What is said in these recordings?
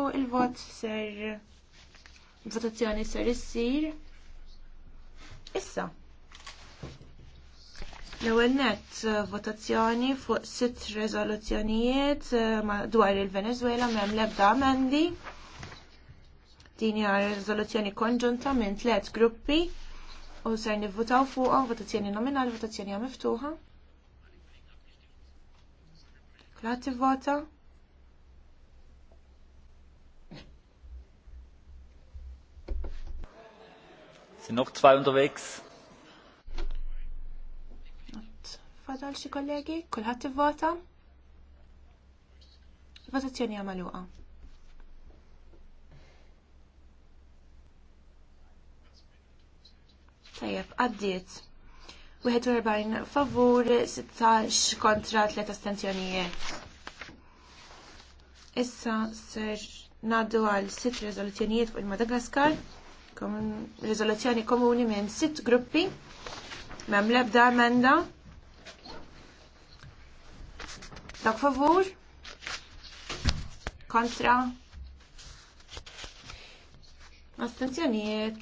u il-vot ser votazzjoni ser issir issa. L-ewwel nett votazzjoni fuq sitt rezoluzzjonijiet eh, dwar il-Venezuela m'hemm l-ebda amendi. Din hija riżoluzzjoni konġunta minn tliet gruppi u ser nivvutaw fuqhom votazzjoni nominali, votazzjoni miftuħa. Kulħadd vota? Sind noch zwei unterwegs? Fadal xi kollegi, kulħadd ivvota. Votazzjoni għamaluqa. Tajjeb, għaddiet. 41 favur, 16 kontra 3 astenzjonijiet. Issa ser naddu għal 6 rezoluzzjonijiet fuq il-Madagaskar riżoluzzjoni komuni minn sitt gruppi m'hemm l-ebda emenda. Dak favur? Kontra? astenzjoniet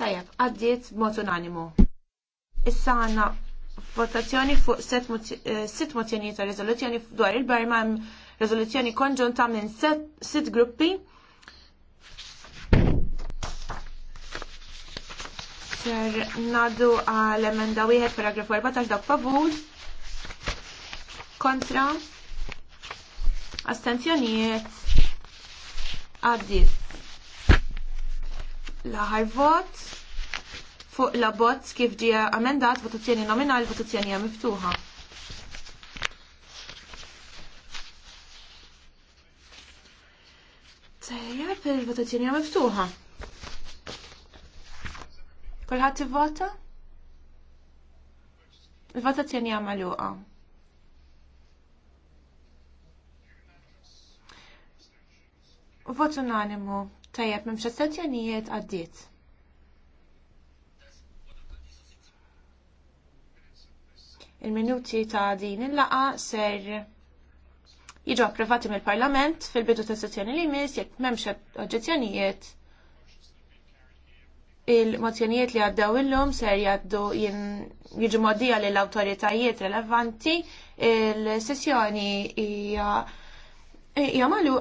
Tajab, għaddiet b'mod unanimu. Issa għandna votazzjoni fuq eh, sitt mozzjonijiet ta' riżoluzzjoni dwar il-Barma rezoluzzjoni konġunta minn sitt gruppi. Ser nadu għal emenda wieħed paragraf 14 dak favur kontra astenzjonijiet għaddis. l vot fuq la bot kif ġie amendat votazzjoni nominali votazzjoni miftuħa. Tajja, per il-votazzjoni għam miftuħa. Kolħat vota Il-votazzjoni għam għaluqa. Vot unanimu. Tajjeb, memx astenzjonijiet għaddiet. Il-minuti ta' din il-laqa ser jiġu approvati mill-Parlament fil-bidu ta' sezzjoni li jmiss jekk m'hemmx oġġezzjonijiet il-mozzjonijiet li għaddew illum ser jgħaddu jiġu moddija lill awtoritajiet relevanti il-sessjoni hija jgħamalu